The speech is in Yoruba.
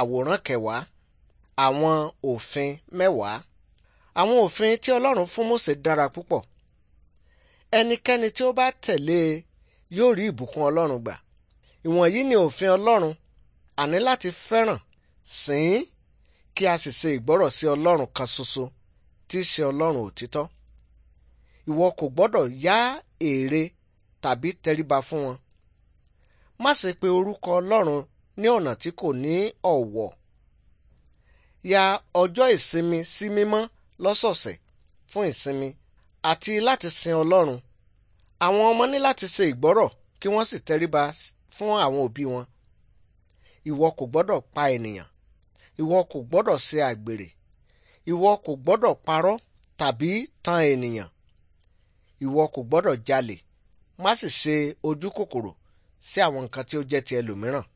àwòrán kẹwàá àwọn òfin mẹ́wàá àwọn òfin tí ọlọ́run fún Mósè dára púpọ̀ ẹnikẹ́ni tí ó bá tẹ̀lé e yóò rí ìbùkún ọlọ́run gbà ìwọ̀nyí ni òfin ọlọ́run àní láti fẹ́ràn sìn kí a sì ṣe ìgbọ́rọ̀ sí ọlọ́run kan ṣoṣo tí í ṣe ọlọ́run òtítọ́ ìwọ kò gbọ́dọ̀ yá ère tàbí tẹríba fún wọn má ṣe pe orúkọ ọlọ́run ní ọ̀nà tí kò ní ọ̀wọ̀ ya ọjọ́ ìsinmi sí mímọ́ lọ́sọ̀ọ̀sẹ̀ fún ìsinmi àti láti sin ọlọ́run àwọn ọmọ ní láti ṣe ìgbọ́rọ̀ kí wọ́n sì tẹríba fún àwọn òbí wọn ìwọ kò gbọ́dọ̀ pa ènìyàn ìwọ kò gbọ́dọ̀ ṣe àgbèrè ìwọ kò gbọ́dọ̀ parọ́ tàbí tan ènìyàn ìwọ kò gbọ́dọ̀ jalè má sì ṣe ojú kòkòrò sí àwọn nǹkan tí ó jẹ́ ti ẹlòmíràn